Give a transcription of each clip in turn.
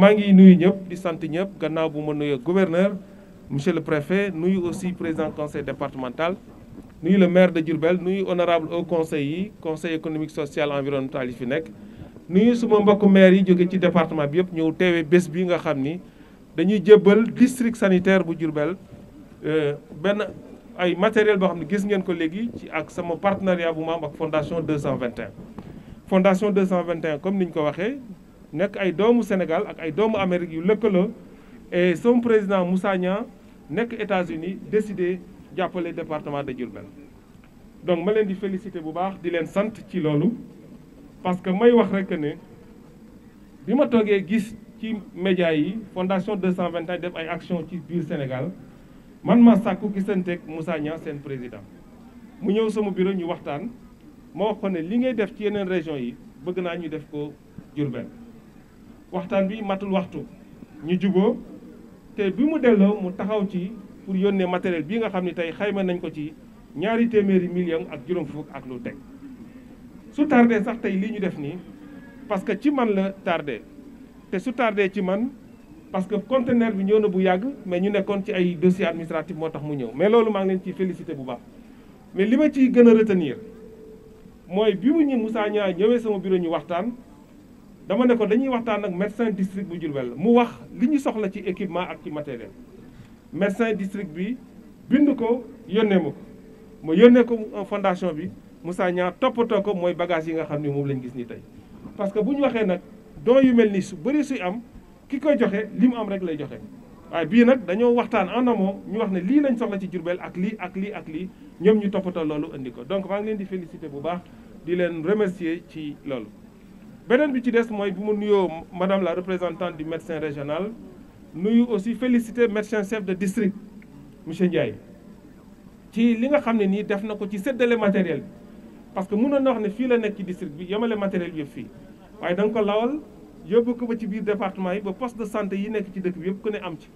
maa ngi nuyu ñëpp di sant ñëpp gannaaw bu ma nuyu gouverneur monsieur le préfet nuyu aussi président conseil départemental nuyu le maire de Diourbel nuyu honorable au conseil yi conseil économique social environnemental yi fi nekk nuyu suma mbokk maire yi jóge ci département bi yëpp ñëw teewee bés bi nga xam ni dañuy jébbal district sanitaire bu Diourbel euh, benn ay matériel boo xam ne gis ngeen ko léegi ci ak sama partenariat bu ma am ak fondation 221 fondation 221 comme ni ñu ko waxee nekk ay doomu Sénégal ak ay doomu Amérique yu lëkkaloo et son président Moussa nekk États-Unis décidé jàppale département de Diourbel donc ma leen di félicité bu baax di leen sant ci loolu parce que may wax rek ne bi ma toogee gis ci média yi fondation 221 def ay action ci biir Sénégal man ma sàkku gisanteeg Moussa Niang seen président mu ñëw sama bureau ñu waxtaan ma wax ko ne li ngay def ci yeneen région yi bëgg naa ñu def ko Diourbel waxtaan bi matul waxtu ñu juboo te bi mu delloo mu taxaw ci pour yónnee matériel bii nga xam ni tey xayma nañ ko ci ñaari téeméeri million ak juróom fukk ak lu teg su tardé sax tey lii ñu def nii parce que ci man la tardé te su tardee ci man parce que conteneur bi ñëw na bu yàgg mais ñu nekkoon ci ay dossier administratif moo tax mu ñëw mais loolu maa ngi leen ci félicité bu baax mais li ma ciy gën a retenir mooy bi mu ñu Moussa ñëwee sama bureau ñu waxtaan dama ne ko dañuy waxtaan ak médecin district bu Diourbel mu wax li ñu soxla ci équipement ak ci matériel médecin district bi bind ko yónnee ma ko ma yónnee ko fondation bi Moussa Niang toppatoo ko mooy bagage yi nga xam ne moom lañ gis ni tey parce que bu ñu waxee nag don yu mel ni su bari suy am ki koy joxe li mu am rek lay joxe waaye bii nag dañoo waxtaan en amont ñu wax ne lii lañ soxla ci Diourbel ak lii ak lii lii ñoom ñu toppatoo loolu indi ko donc maa ngi leen di féliciter bu baax di leen remercier ci loolu beneen bi ci des mooy bi mu nuyoo madame la représentante du médecin régional nuyu aussi féliciter médecin chef de district monsieur Ndiaye ci li nga xam ne nii def na ko ci séddale matériel bi parce que mënoon na wax ne fii la nekk ci district bi yemale matériel bi yëpp fii waaye da nga ko lawal yóbbu ko ba ci biir département yi ba poste de santé yi nekk ci dëkk bi yëpp ku ne am ci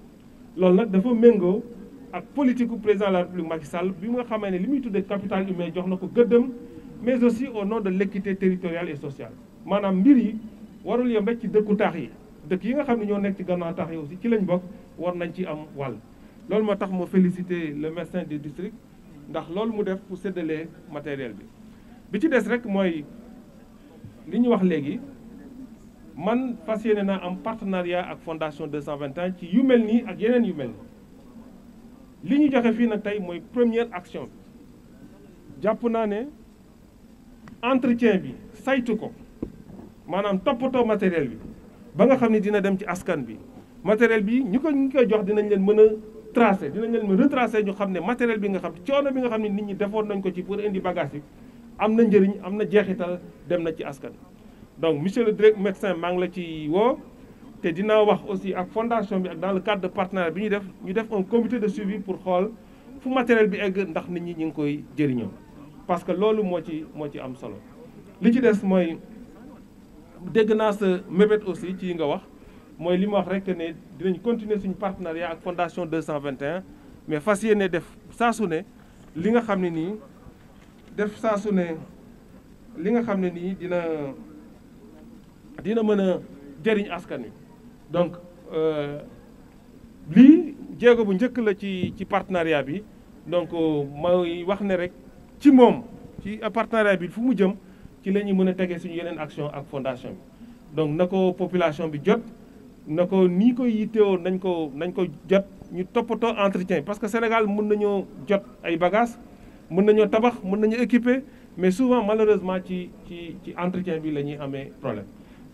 loolu nag dafa méngoo ak politique u président la république Macky Sall bi nga xamee ne li muy tuddee capital humain jox na ko gëddëm mais aussi au nom de l'équité territoriale et sociale maanaam mbir yi warul yem rek ci dëkku taax yi dëkk yi nga xam ne ñoo nekk ci gannaaw taax yi aussi ci lañ bokk war nañ ci am wal loolu moo tax moo félicité le médecin du district ndax loolu mu def pour séddalee matériel bi bi ci des rek mooy li ñu wax léegi man fas yéene naa am partenariat ak fondation 221 ci yu mel nii ak yeneen yu mel nii li ñu joxe fii nag tey mooy première action bi jàpp naa ne entretien bi saytu ko maanaam toppatoo matériel bi ba nga xam ne dina dem ci askan bi matériel bi ñi ko ñi koy jox dinañ leen mën a tracé dinañ leen mën retracé ñu xam ne matériel bi nga xam coono bi nga xam ne nit ñi defoon nañ ko ci pour indi bagage yi am na njëriñ am na jeexital dem na ci askan donc monsieur le directeur médecin maa ngi la ci woo te dinaa wax aussi ak fondation bi ak dans le cadre de partenariat bi ñu def ñu def un comité de suivi pour xool fu matériel bi egg ndax nit ñi ñu ngi koy jëriñoo parce que loolu moo ci moo ci am solo li ci des mooy dégg naa sa mébét aussi ci nga wax mooy li ma wax rek ne dinañ continuer suñu partenariat ak fondation 221 mais fas yéene def saa ne li nga xam ne nii def saa li nga xam ne nii dina dina mën a jëriñ askan wi donc euh, lii jéego bu njëkk la ci ci partenariat bi donc euh, mooy wax ne rek ci moom ci partenariat bi fu mu jëm ci la ñuy mën a tegee suñu yeneen action ak fondation bi donc na ko population bi jot na ko nii koy yittewoo nañ ko nañ ko jot ñu toppatoo entretien parce que Sénégal mën nañoo jot ay bagages mën nañoo tabax mën nañu équiper mais souvent malheureusement ci ci ci entretien bi la ñuy amee problème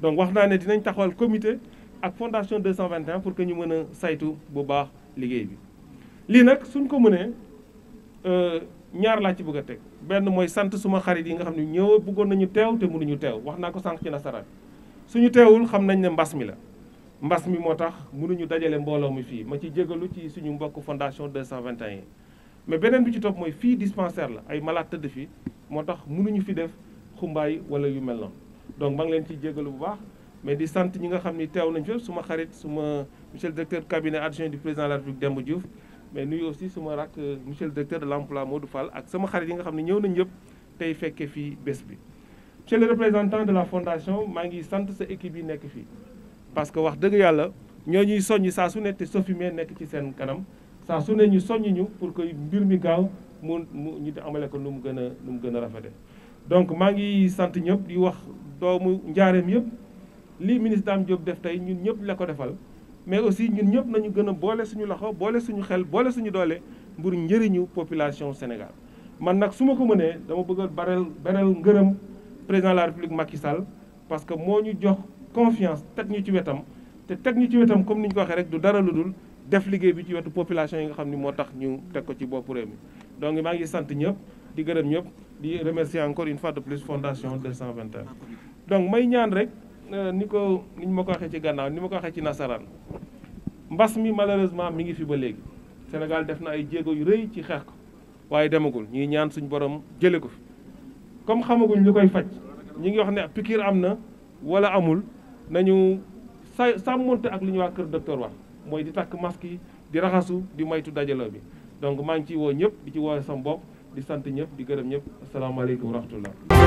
donc wax naa ne dinañ taxawal comité ak fondation 221 pour que ñu mën a saytu bu baax liggéey bi lii nag suñ ko mënee euh, ñaar laa ci bëgg a teg benn mooy sant suma xarit yi nga xam ne ñëw bëggoon nañu teew te mënuñu teew wax naa ko sànq ci nasaraan suñu teewul xam nañ ne mbas mi la mbas mi moo tax mënuñu dajale mbooloo mi fii ma ci jégalu ci suñu mbokk fondation 221 mais beneen bi ci topp mooy fii dispensaire la ay malade tëdd fii moo tax mënuñu fi def xumbaay wala yu mel noonu donc maa ngi leen ciy jégalu bu baax mais di sant ñi nga xam ni teew nañ fi suma xarit suma monsieur le directeur cabinet adjoint la Demba Diouf mais nuyu aussi suma rak monsieur le directeur de l' emploi Modou fal ak sama xarit yi nga xam ne ñëw nañ yëpp tey fekkee fii bés bi. monsieur représentant de la fondation maa ngi sant sa équipe yi nekk fi parce que wax dëgg yàlla ñoo ñuy soññ saa su ne te Sofimel nekk ci seen kanam saa su ne ñu soññ ñu pour que mbir mi gaaw mu mu ñu amale ko nu mu gën a nu mu gën a rafete donc maa ngi sant ñëpp di wax doomu njaareem yëpp li ministre Dame Diop def tey ñun ñëpp la ko defal. mais aussi ñun ñëpp nañu gën a boole suñu loxo boole suñu xel boole suñu doole mbur njëriñu population Sénégal man nag su ma ko mënee dama bëgg a bareel beral ngërëm président de la République Macky Sall parce que moo ñu jox confiance teg ñu ci wetam te teg ñu ci wetam comme ni ñu ko waxee rek du dara lu dul def liggéey bi ci wetu population yi nga xam ni moo tax ñu teg ko ci boppu réew mi donc maa ngi sant ñëpp di gërëm ñëpp di remercier encore une fois de plus fondation 221 donc may ñaan rek euh, ni ko ni ñu ma ko waxee ci gànnaaw ni ma ko waxee ci nasaraan mbas mi malheureusement mi ngi fi ba léegi Sénégal def na ay jéego yu rëy ci xeex ko waaye demagul ñuy ñaan suñ borom jële ko fi comme xamaguñ lu koy faj ñu ngi wax ne piqûre am na wala amul nañu sa sàmmonte ak lu ñu waa kër docteur wax mooy di takk masque yi di raxasu di maytu dajaloo bi donc maa ngi ciy woo ñëpp di ci woo sam bopp di sant ñëpp di gërëm ñëpp asalaamaaleykum wa rahmatullah